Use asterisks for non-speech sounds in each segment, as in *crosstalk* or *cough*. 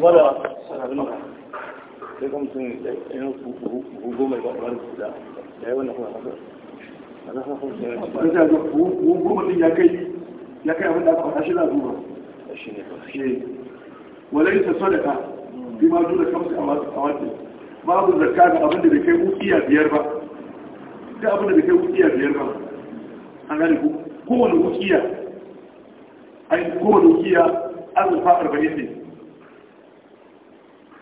ولا sai kuma sun yi hukuma ga ɓarar da ya yi wannan kuma haka a na haka sun yi da hukuma din ya kai ya kai abin da aka faɗa shi na zuwa shi ne shi wala yi sassa da ka bi ma zuwa kamsu a wata babu zakka ga abin da bai kai ukiya biyar ba da abin da bai kai ukiya biyar ba an gane ku kowane ukiya ai kowane ukiya azurfa arba'in ne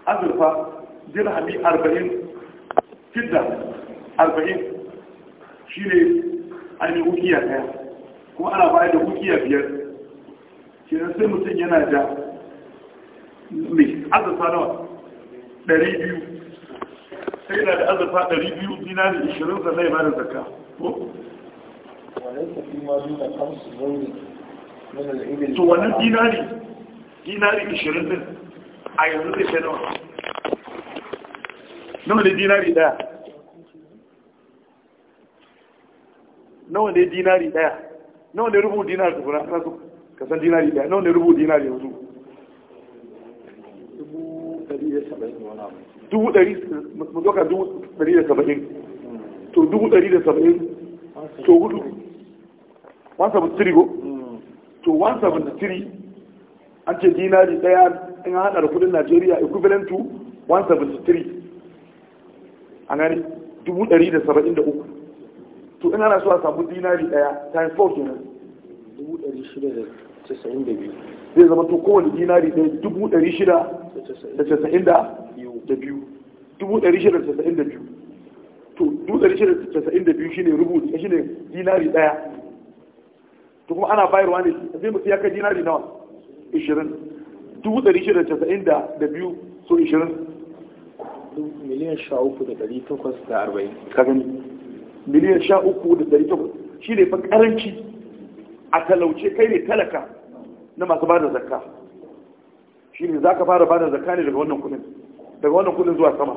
azurfa dirhami arba'in fidda arba'in shi ne ainihin ukiya ɗaya kuma ana bayar da ukiya biyar shi sai mutum yana da mai azurfa nawa ɗari biyu sai yana da azurfa ɗari biyu dinari ishirin da zai bada zakka ko? to wannan dinari dinari ishirin din a yanzu zai kai nawa nawa ne dinari daya nawa ne dinari daya nawa ne rubu dinari da kuna kasu kasan dinari daya nawa ne rubu dinari yanzu dubu dari mu zoka dubu dari da saba'in to dubu dari da saba'in to hudu 173 go hmm. to 173 an ce dinari daya in haɗa da kudin najeriya equivalent to 173 a gani 173 to in ana so a samu dinari daya times 4 kenan 692 zai zama to kowane dinari ɗaya 692 692 to ne rubuti shi shine dinari daya to kuma ana bayarwa ne sai mutu ya kai dinari nawa 20 shida casa'in da biyu so ishirin miliyan sha uku da ɗari takwas da arba'in ka gani miliyan sha uku da ɗari takwas shi ne fa karanci a talauce kai ne talaka na masu bada zakka shi ne za ka fara bada zakka ne daga wannan kudin daga wannan kudin zuwa sama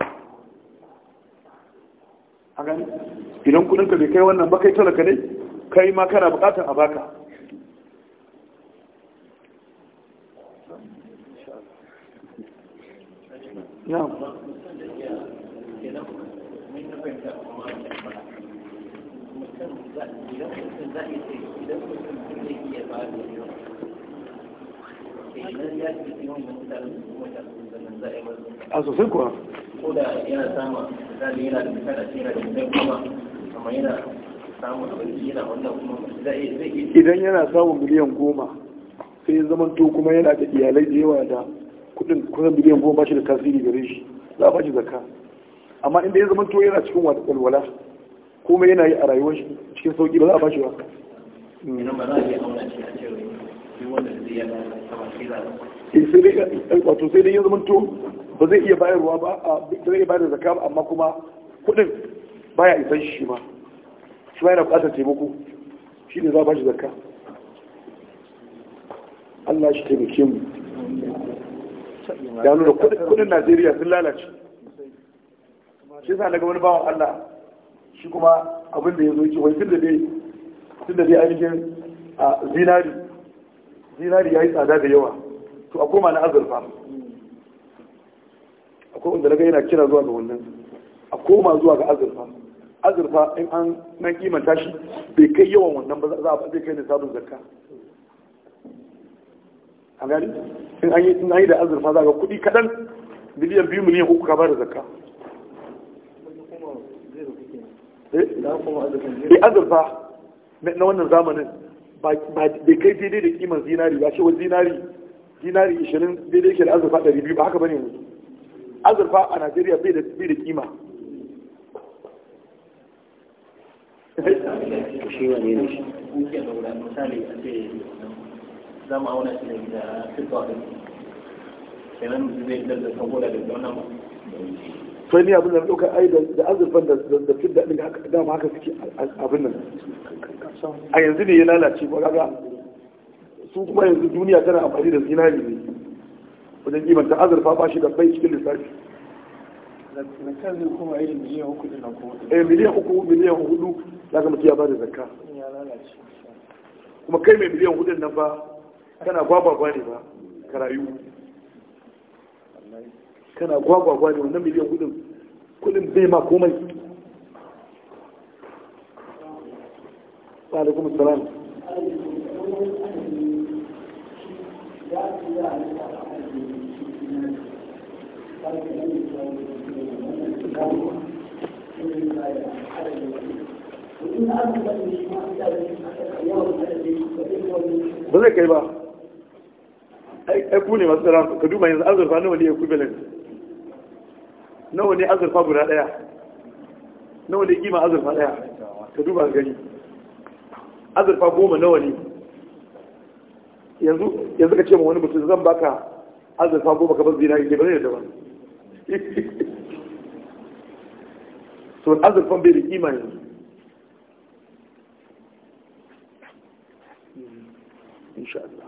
a gani idan kudinka bai kai wannan ba kai talaka ne kai ma kana bukatar a baka na'am a ah, sosai kuwa ko da yana samun misali yana da a da kuma yana samun yana wannan kuma zai idan yana samun miliyan goma sai ya zama to kuma yana da iyalai da yawa da kudin kusan biliyan goma shi da tasiri gare shi za a bashi zakka amma inda ya zama to yana cikin wata walwala kuma yana yi a rayuwar shi cikin sauki ba za a bashi ba wato sai dai ya zama to ba zai iya bayarwa ba ba zai iya bayar da zakka ba amma kuma kudin baya isan shi ma shi ma yana bukatar taimako shi ne za a bashi zakka Allah shi taimake mu ya nuna kudin Najeriya sun lalace shi sa daga wani bawan Allah shi kuma abin da ya zo yake wai tun da dai tun da dai ainihin zinari zinari ya yi tsada da yawa to a koma na azurfa akwai wanda daga yana kira zuwa ga wannan a koma zuwa ga azurfa azurfa in an nan kimanta shi bai kai yawan wannan ba za a zai kai ne sabon zakka a gari in an yi in an yi da azurfa za ga kuɗi kaɗan miliyan biyu miliyan uku ka bada zakka eh? eh azurfa na wannan zamanin ba bai kai daidai da kiman zinari ba shi wa zinari zinari 20 daidai ke da azurfa 200 ba haka bane yanzu azurfa a najeriya bai da bai da kima shi wane ne shi za mu auna shi ne da siffa ɗin kenan zai da saboda da zauna ba sai ni abin da ɗauka ai da azurfan da da fit da ɗin dama haka suke abin nan a yanzu ne ya lalace ba kaga su kuma yanzu duniya tana amfani da zinari ne wajen kimanta azurfa ba shi da bai cikin lissafi eh miliyan uku miliyan hudu za ka mutu ya ba da zakka kuma kai mai miliyan hudun nan ba kana gwagwagwa ne ba ka rayu kana gwagwagwa ne wannan miliyan kudin kudin zai ma komai wa alaikum salam ba zai kai ba ku ne masu tsara ka duba yanzu azurfa nawa ne equivalent nawa ne azurfa guda daya nawa ne kima azurfa daya ka duba gani azurfa goma nawa ne yanzu yanzu ka ce ma wani mutum zan baka azurfa goma ka bar ke ne ba da daban *laughs* so azurfan bai da kima yanzu insha Allah